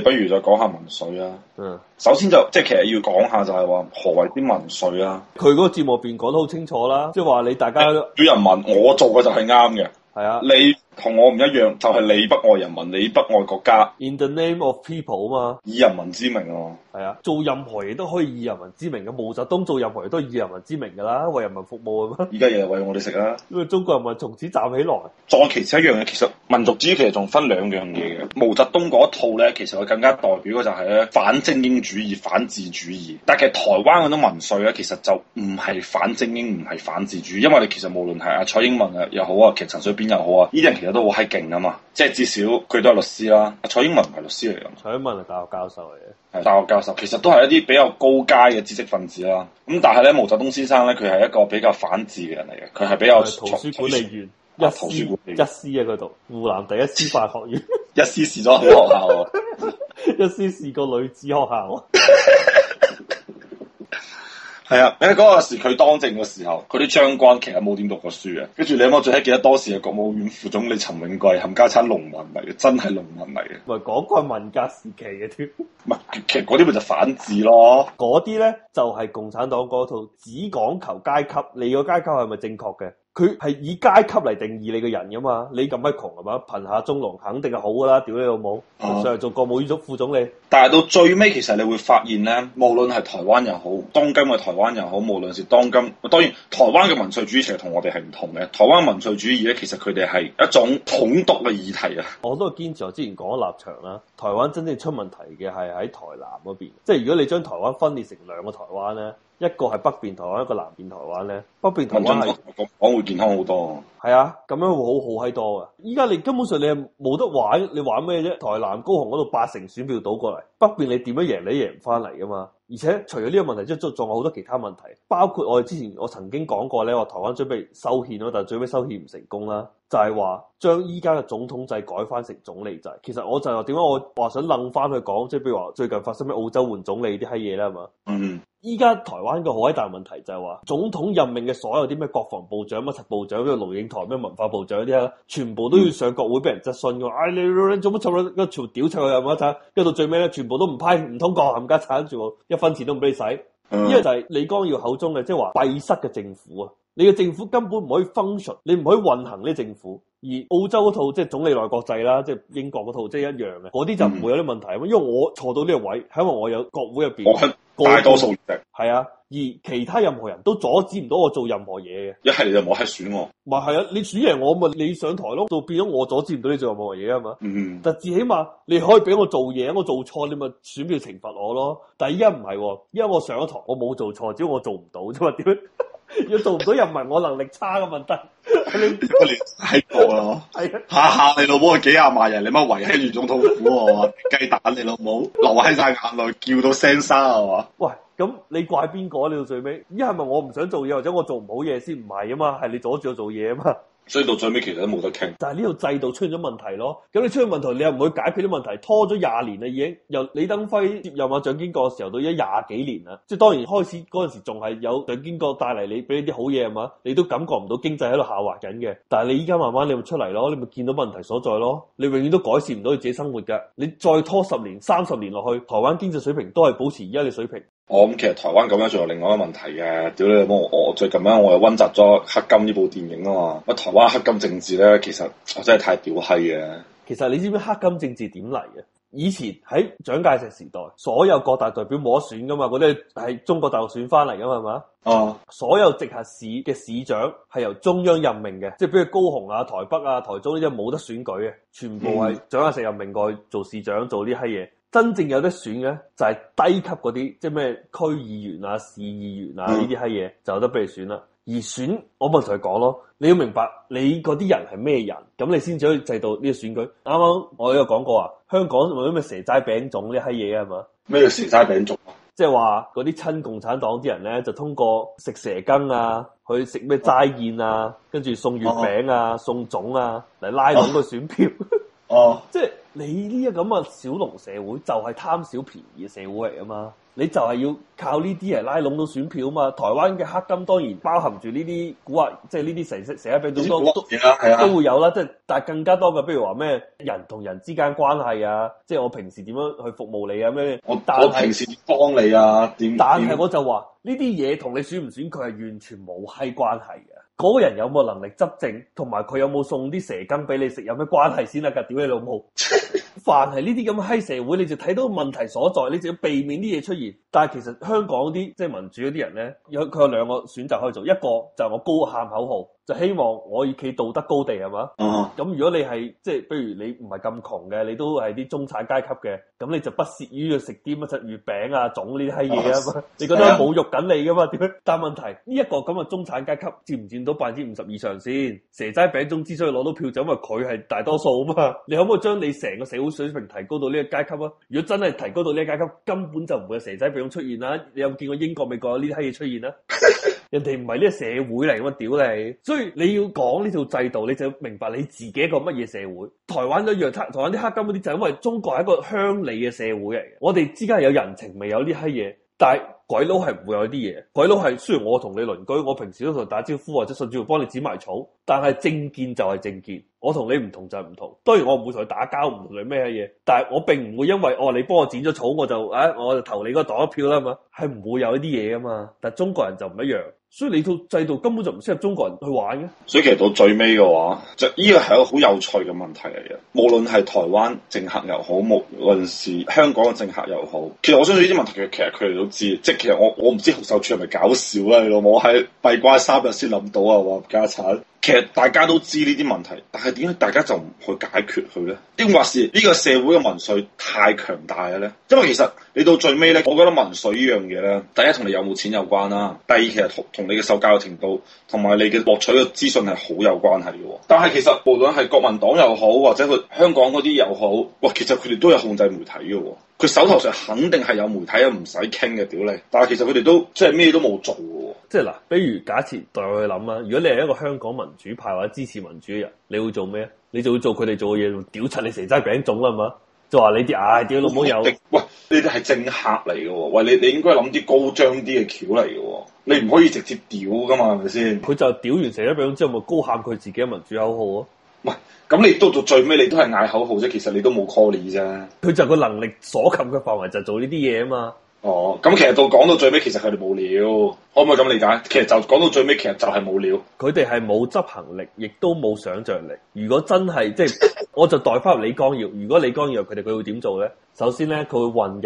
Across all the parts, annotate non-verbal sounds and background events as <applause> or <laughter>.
不如就講下民粹啊！嗯，首先就即係其實要講下就係話何為啲民粹啊？佢嗰個節目邊講得好清楚啦，即係話你大家愛、哎、人民，我做嘅就係啱嘅，係啊！你同我唔一樣，就係、是、你不愛人民，你不愛國家。In the name of people 啊嘛，以人民之名，啊係啊，做任何嘢都可以以人民之名嘅。毛澤東做任何嘢都係以，以人民之名噶啦，為人民服務啊嘛。而家又係餵我哋食啦。因為中國人民從此站起來。再其次一樣嘢，其實民族主義其實仲分兩樣嘢嘅。毛澤東嗰套咧，其實我更加代表嘅就係咧，反精英主義、反智主義。但其實台灣嗰種民粹咧，其實就唔係反精英，唔係反智主義。因為你其實無論係阿蔡英文啊又好啊，其實陳水扁又好啊，呢啲人其實都好閪勁啊嘛。即係至少佢都係律師啦。阿蔡英文唔係律師嚟噶。蔡英文係大學教授嚟嘅，係大學教其實都係一啲比較高階嘅知識分子啦，咁但係咧毛澤東先生咧佢係一個比較反智嘅人嚟嘅，佢係比較。圖書管理員，一圖書管理，一師喺佢讀湖南第一師範學院， <laughs> 一師試咗學校， <laughs> 一師試個女子學校。 <laughs> 係啊，你、那、嗰個時佢當政嘅時候，佢啲將軍其實冇點讀過書啊，跟住你阿媽最叻記得當時嘅國務院副總理陳永貴，冚家鏟農民嚟嘅，真係農民嚟嘅。喂，係嗰個係文革時期嘅、啊、添，唔係，其實嗰啲咪就反智咯。嗰啲咧就係、是、共產黨嗰套，只講求階級，你個階級係咪正確嘅？佢係以階級嚟定義你嘅人噶嘛？你咁閪窮係嘛？貧下中農肯定係好噶啦！屌你老母，啊、上嚟做國務院副總理。但係到最尾，其實你會發現咧，無論係台灣又好，當今嘅台灣又好，無論是當今，當然台灣嘅民粹主義其實同我哋係唔同嘅。台灣民粹主義咧，其實佢哋係一種統獨嘅議題啊！我都係堅持我之前講嘅立場啦。台灣真正出問題嘅係喺台南嗰邊，即係如果你將台灣分裂成兩個台灣咧。一個係北邊台灣，一個南邊台灣咧。北邊台灣係講會健康好多。係啊，咁樣會好好喺多啊，依家你根本上你係冇得玩，你玩咩啫？台南高雄嗰度八成選票倒過嚟，北邊你點樣贏你贏唔翻嚟噶嘛？而且除咗呢個問題之外，即係仲有好多其他問題，包括我哋之前我曾經講過咧，話台灣準備修憲咯，但係最尾修憲唔成功啦。就係話將依家嘅總統制改翻成總理制。其實我就話點解我話想楞翻去講，即係譬如話最近發生咩澳洲換總理啲閪嘢啦，係嘛？嗯。依家台灣嘅好大問題就係話，總統任命嘅所有啲咩國防部長、乜柒部長、咩龍應台、咩文化部長啲咧，全部都要上國會俾人質詢嘅。唉、哎，你做乜柒啦？一全部屌出去又乜柒？跟住到最尾咧，全部都唔批，唔通過冚家鏟住，全全一分錢都唔俾你使。呢個、嗯、就係李光耀口中嘅即係話閉塞嘅政府啊！你嘅政府根本唔可以 function，你唔可以運行呢政府。而澳洲嗰套即係總理內國制啦，即係英國嗰套即係一樣嘅，嗰啲就唔會有啲問題。嗯、因為我坐到呢個位，係因為我有國會入邊大多數嘅係啊，而其他任何人都阻止唔到我做任何嘢嘅，一係你就冇喺度選我，唔係係啊，你選贏我咪你上台咯，就變咗我阻止唔到你做任何嘢啊嘛，嗯、但至起碼你可以俾我做嘢，我做錯你咪選票懲罰我咯，但係依家唔係，因為我上咗台我冇做錯，只要我做唔到啫嘛，點？ <laughs> 要做唔到又唔係我能力差嘅問題，你、哎，你喺度啊？係下下你老母係幾廿萬人，你乜維繫住總統府啊嘛，雞蛋你老母流晒眼淚，叫到聲沙啊嘛，喂，咁你怪邊個？你到最尾，一係咪我唔想做嘢，或者我做唔好嘢先唔係啊嘛？係你阻住我做嘢啊嘛？所以到最尾其實都冇得傾，但係呢個制度出現咗問題咯。咁你出現問題，你又唔會解決啲問題，拖咗廿年啦，已經由李登輝接任啊蔣經國嘅時候到而家廿幾年啦。即係當然開始嗰陣時仲係有蔣經國帶嚟你俾你啲好嘢係嘛，你都感覺唔到經濟喺度下滑緊嘅。但係你依家慢慢你咪出嚟咯，你咪見到問題所在咯。你永遠都改善唔到你自己生活㗎。你再拖十年、三十年落去，台灣經濟水平都係保持而家嘅水平。我咁、哦、其實台灣咁樣仲有另外一個問題嘅，屌你老母，我最近咧，我又溫習咗《黑金》呢部電影啊嘛，乜台灣黑金政治咧，其實真係太屌閪嘅。其實你知唔知黑金政治點嚟嘅？以前喺蔣介石時代，所有國大代表冇得選噶嘛，嗰啲係中國大陸選翻嚟噶嘛，係嘛？哦，所有直轄市嘅市長係由中央任命嘅，即係比如高雄啊、台北啊、台中呢啲冇得選舉嘅，全部係蔣介石任命過去做市長、嗯、做呢啲嘢。真正有得選嘅就係低級嗰啲，即係咩區議員啊、市議員啊呢啲閪嘢就有得俾你選啦。而選，我咪同你講咯，你要明白你嗰啲人係咩人，咁你先至可以制度呢個選舉。啱啱我有講過啊，香港咪咩蛇齋餅粽呢啲嘢啊，係嘛？咩蛇齋餅粽啊？即係話嗰啲親共產黨啲人咧，就通過食蛇羹啊，去食咩齋宴啊，跟住送月餅啊、啊送粽啊嚟拉攏個選票。哦、啊，即、啊、係。啊 <laughs> 你呢個咁嘅小農社會就係貪小便宜嘅社會嚟啊嘛，你就係要靠呢啲人拉攏到選票啊嘛。台灣嘅黑金當然包含住呢啲古惑，即係呢啲成色社會病毒都都會有啦。即係但係更加多嘅，譬如話咩人同人之間關係啊，即係我平時點樣去服務你啊咩？我我平時幫你啊點？但係我就話呢啲嘢同你選唔選佢係完全冇閪關係嘅。嗰個人有冇能力執政，同埋佢有冇送啲蛇羹俾你食，有咩關係先啊？噶，屌你老母！ <laughs> 凡係呢啲咁嘅黑社會，你就睇到問題所在，你就要避免啲嘢出現。但係其實香港啲即民主嗰啲人呢，有有佢有兩個選擇可以做，一個就係我高喊口號。就希望我以企道德高地係嘛？咁、uh, 嗯、如果你係即係，譬、就是、如你唔係咁窮嘅，你都係啲中產階級嘅，咁你就不屑於去食啲乜食月餅啊、粽呢啲嘢啊嘛？你覺得侮辱緊你噶嘛？點樣？但問題呢一、這個咁嘅中產階級佔唔佔到百分之五十以上先？蛇仔餅粽之所以攞到票，就因為佢係大多數啊嘛。你可唔可以將你成個社會水平提高到呢個階級啊？如果真係提高到呢個階級，根本就唔會有蛇仔餅出現啦。你有冇見過英國、美國有呢啲嘢出現啊？ <laughs> 人哋唔係呢個社會嚟，我屌你！所以你要講呢套制度，你就要明白你自己一個乜嘢社會。台灣一樣，台灣啲黑金嗰啲就因為中國係一個鄉里嘅社會嚟嘅，我哋之間係有人情，未有呢啲嘢。但係鬼佬係唔會有呢啲嘢。鬼佬係雖然我同你鄰居，我平時都同你打招呼或者甚至乎幫你剪埋草，但係政見就係政見，我同你唔同就係唔同。當然我唔會同佢打交，唔同你咩嘢。但係我並唔會因為哦你幫我剪咗草，我就誒、啊、我就投你嗰個黨一票啦嘛，係唔會有呢啲嘢噶嘛。但係中國人就唔一樣。所以你套制度根本就唔適合中國人去玩嘅。所以其實到最尾嘅話，就呢個係一個好有趣嘅問題嚟嘅。無論係台灣政客又好，無論是香港嘅政客又好，其實我相信呢啲問題其實佢哋都知。即係其實我我唔知洪秀柱係咪搞笑啦，你老母喺閉關三日先諗到啊，話家產。其實大家都知呢啲問題，但係點解大家就唔去解決佢呢？抑或是呢個社會嘅民粹太強大啦呢？因為其實你到最尾呢，我覺得民粹呢樣嘢呢，第一同你有冇錢有關啦，第二其實同同你嘅受教育程度同埋你嘅獲取嘅資訊係好有關係嘅。但係其實無論係國民黨又好，或者佢香港嗰啲又好，哇，其實佢哋都有控制媒體嘅。佢手頭上肯定係有媒體啊，唔使傾嘅，屌你！但係其實佢哋都即係咩都冇做嘅，即係嗱，比如假設代我去諗啦，如果你係一個香港民主派或者支持民主嘅人，你會做咩？你就會做佢哋做嘅嘢，屌七你蛇齋餅糭啊嘛！就話你啲唉屌老母有喂，呢啲係政客嚟嘅，喂，你你應該諗啲高張啲嘅橋嚟嘅，你唔可以直接屌噶嘛，係咪先？佢就屌完蛇齋餅糭之後，咪高喊佢自己嘅民主口號啊？喂，咁你到到最尾，你都係嗌口號啫。其實你都冇 call 你啫。佢就個能力所及嘅範圍，就係做呢啲嘢啊嘛。哦，咁其實到講到最尾，其實佢哋冇料，可唔可以咁理解？其實就講到最尾，其實就係冇料，佢哋係冇執行力，亦都冇想像力。如果真係即係， <laughs> 我就代翻入李光耀。如果李光耀佢哋，佢會點做咧？首先咧，佢會混入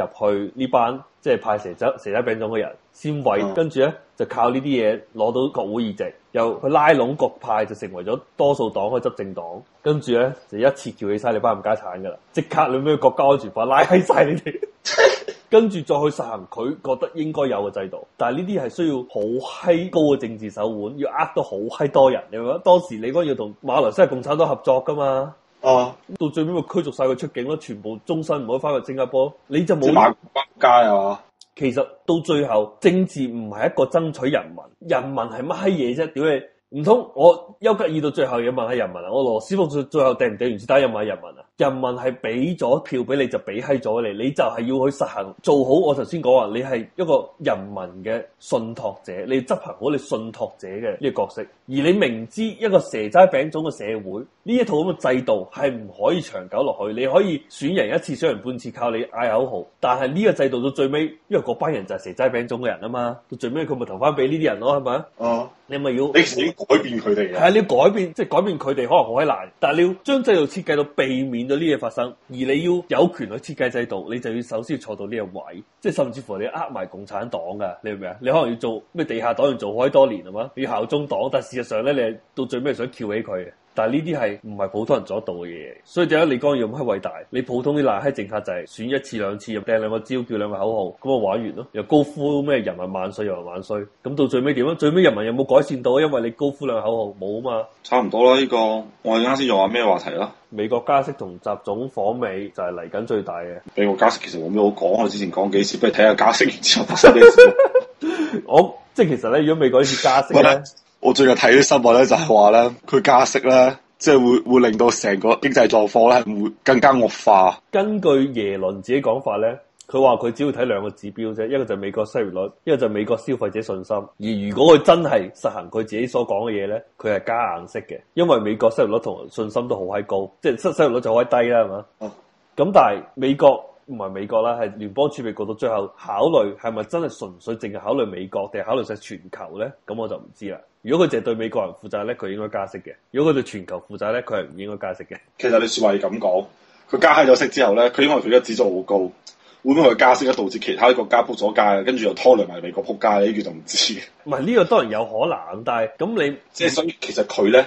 去呢班即係派蛇仔蛇仔餅糭嘅人先位， <laughs> 跟住咧就靠呢啲嘢攞到國會議席，又去拉攏各派，就成為咗多數黨嘅執政黨。跟住咧就一次叫起晒你班唔家產噶啦，即刻你咩國家安全法拉閪晒你哋。 <laughs> 跟住再去實行佢覺得應該有嘅制度，但係呢啲係需要好閪高嘅政治手腕，要呃到好閪多人，你明唔明？當時李光耀同馬來西亞共產黨合作㗎嘛？哦、啊，到最尾咪驅逐晒佢出境咯，全部終身唔可以翻去新加坡，你就冇法。仆街啊，其實到最後政治唔係一個爭取人民，人民係乜閪嘢啫？屌你！唔通我丘吉爾到最後要問下人民啊？我羅斯福最最後掟唔掟原子彈要問人民人民啊，人民係俾咗票俾你就俾喺咗你，你就係要去實行做好我頭先講話，你係一個人民嘅信託者，你要執行好你信託者嘅呢個角色。而你明知一個蛇齋餅種嘅社會，呢一套咁嘅制度係唔可以長久落去。你可以選人一次、選人半次，靠你嗌口號。但係呢個制度到最尾，因為嗰班人就係蛇齋餅種嘅人啊嘛。到最尾佢咪投翻俾呢啲人咯，係咪啊？你咪要你，改變、啊、你要改變佢哋啊！係啊，你改變即係改變佢哋，可能好閪難。但係你要將制度設計到避免咗呢嘢發生，而你要有權去設計制度，你就要首先要坐到呢個位，即係甚至乎你呃埋共產黨嘅，你明唔明啊？你可能要做咩地下黨，要做好多年啊嘛，你要效忠黨，但事實上咧，你到最尾想翹起佢嘅，但係呢啲係唔係普通人做得到嘅嘢，所以點解李光耀咁黑偉大？你普通啲爛閪政客就係選一次兩次，又掟兩個招，叫兩個口號，咁啊玩完咯，又高呼咩人民萬歲，又萬歲，人民萬歲，咁到最尾點啊？最尾人民有冇改善到因為你高呼兩個口號，冇啊嘛。差唔多啦，呢、這個我哋啱先又話咩話題啦？美國加息同習總訪美就係嚟緊最大嘅。美國加息其實冇咩好講，我之前講幾次，不如睇下加息完之後發生咩事。 <laughs> <laughs> 我即係其實咧，如果美國要加息咧。 <laughs> <laughs> 我最近睇啲新聞咧，就係話咧，佢加息咧，即係會會令到成個經濟狀況咧，會更加惡化。根據耶倫自己講法咧，佢話佢只要睇兩個指標啫，一個就係美國失業率，一個就係美國消費者信心。而如果佢真係實行佢自己所講嘅嘢咧，佢係加硬息嘅，因為美國失業率同信心都好閪高，即係失失業率就好低啦，係嘛、嗯？哦。咁但係美國。同埋美國啦，係聯邦儲備局到最後考慮係咪真係純粹淨係考慮美國，定係考慮晒全球咧？咁我就唔知啦。如果佢淨係對美國人負責咧，佢應該加息嘅；如果佢對全球負責咧，佢係唔應該加息嘅。其實你説話係咁講，佢加咗息之後咧，佢因為佢個指數好高。會唔會佢加息咧，導致其他啲國家撲咗街，跟住又拖累埋美國撲街呢句就唔知。唔係呢個當然有可能，但係咁你即係所以，其實佢咧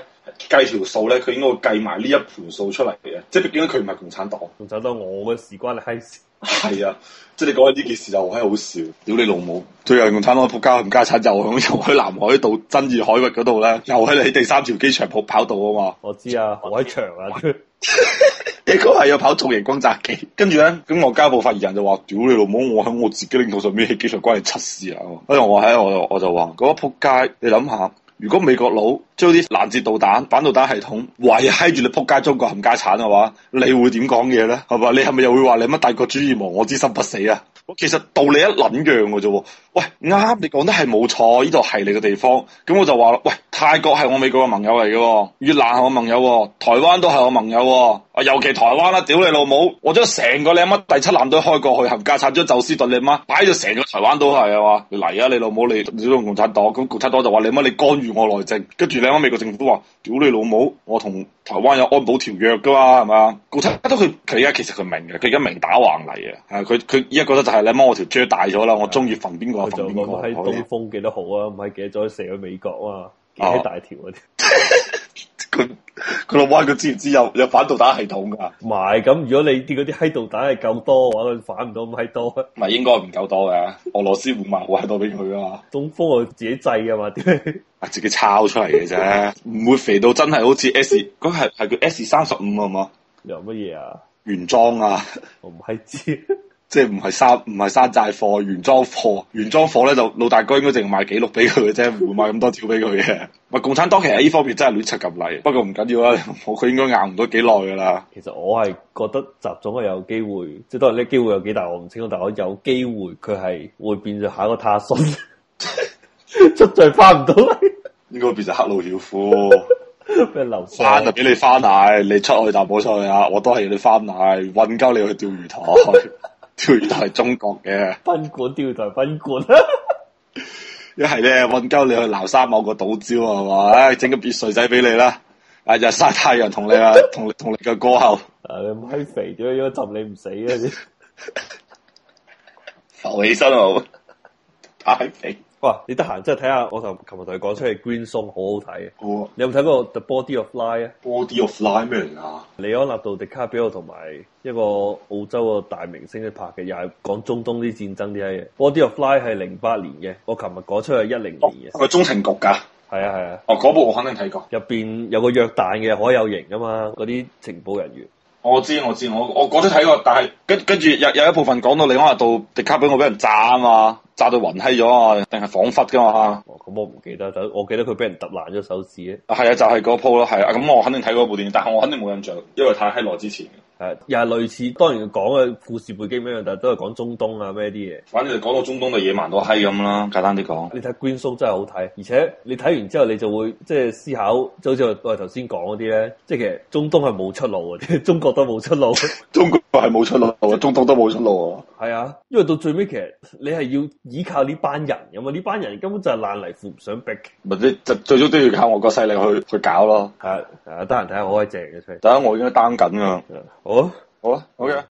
計條數咧，佢應該會計埋呢一盤數出嚟嘅。即係畢竟佢唔係共產黨。仲走到我嘅時關嚟閪事。係 <laughs> 啊，即係你講緊呢件事就閪 <laughs> 好笑。屌你老母，最近共產黨撲街冚家鏟，又又去南海度爭議海域嗰度咧，又喺你第三條機場鋪跑道啊嘛。我知啊，好閪長啊。 <laughs> <laughs> <laughs> 你估係要跑重型轟炸機，跟住咧，咁外交部發言人就話：，屌 <laughs> 你老母，我喺我自己領土上面起機場關你七事啊！跟住我喺我我就話：，嗰扑街，你諗下，如果美國佬將啲攔截導彈、反導彈系統圍喺住你扑街中國冚家鏟嘅話，你會點講嘢咧？係咪？你係咪又會話你乜大國主義、亡我之心不死啊？其實道理一捻樣嘅啫，喂，啱你講得係冇錯，呢度係你嘅地方，咁我就話咯，喂，泰國係我美國嘅盟友嚟嘅，越南係我盟友，台灣都係我盟友，啊，尤其台灣啦，屌你老母，我將成個靚媽第七艦隊開過去，冚家鏟咗宙斯盾，你媽擺咗成個台灣都係啊嘛，嚟啊，你老母你你同共產黨，咁共產黨就話你乜你干預我內政，跟住靚媽美國政府都話，屌你老母，我同台灣有安保條約噶嘛，係咪啊？共產黨都佢佢而家其實佢明嘅，佢而家明打橫嚟嘅。係佢佢依家覺得就是。你摸我條蕉大咗啦，我中意馮邊個就馮邊個喺東風幾得好啊？唔係幾多再射去美國啊，幾大條嗰啲？佢佢老闆，佢知唔知有有反導彈系統噶？唔係咁，如果你啲嗰啲閪導彈係夠多嘅話，佢反唔到咁閪多。唔係應該唔夠多嘅，俄羅斯唔賣好閪多俾佢啊嘛。東風啊，自己製啊嘛，自己抄出嚟嘅啫，唔會肥到真係好似 S 嗰係係叫 S 三十五啊嘛？又乜嘢啊？原裝啊？我唔閪知。即係唔係山唔係山寨貨，原裝貨。原裝貨咧就老大哥應該淨係賣紀錄俾佢嘅啫，唔會賣咁多條俾佢嘅。咪共產黨其實呢方面真係亂七及嚟，不過唔緊要啦，佢應該硬唔到幾耐噶啦。其實我係覺得習總係有機會，即係都係呢機會有幾大，我唔清楚，但係有機會佢係會變做下一個他信 <laughs> 出盡翻唔到嚟，應該變成赫魯曉夫。咩 <laughs> 留翻就俾你翻奶，你出去打比去啊！我都係要你翻奶，混交你去釣魚台。 <laughs> 釣魚台中國嘅賓館，釣魚台賓館。一係咧，混鳩你去南沙某個島礁係嘛？整個別墅仔俾你啦，啊日曬、啊、太陽同你啊同同你個歌喉，誒，你咁閪肥點樣浸你唔死嘅，浮起身好，太肥。你得閒即係睇下，我同琴日同你講出嚟，《Green Zone》好好睇嘅。你有冇睇嗰《The Body of Lies》啊？《Body of Lies》咩嚟啊？李安納杜迪卡比奧同埋一個澳洲嘅大明星去拍嘅，又係講中東啲戰爭啲嘢。《Body of Lies》係零八年嘅，我琴日講出係一零年嘅。係咪中情局噶，係啊係啊。啊哦，嗰部我肯定睇過，入邊有個約旦嘅，可有型噶嘛？嗰啲情報人員。我知我知，我我我都睇過，但係跟跟住有有一,一部分講到你李安度，迪卡俾我俾人炸啊嘛，炸到暈閪咗啊，定係恍惚噶嘛吓？咁、哦嗯嗯嗯、我唔記得，但我記得佢俾人揼爛咗手指咧。係啊，就係嗰鋪咯，係啊，咁我肯定睇嗰部電影，但係我肯定冇印象，因為太閪耐之前。係又係類似，當然講嘅故事背景咩樣，但係都係講中東啊咩啲嘢。反正你講到中東就野蠻到閪咁啦，簡單啲講。你睇《Green Zone》真係好睇，而且你睇完之後你就會即係思考，就好似我我頭先講嗰啲咧，即係其實中東係冇出路嘅，中國都冇出路。 <laughs> 中國 <laughs> 係冇出路，中東都冇出路啊！係啊，因為到最尾其實你係要依靠呢班人噶嘛，呢班人根本就係爛泥扶唔上壁，咪即係最終都要靠外國勢力去去搞咯。係啊，得閒睇下好威正嘅出嚟。等下我應該 down 緊噶、啊，好，啊，啦、啊，好、OK、嘅、啊。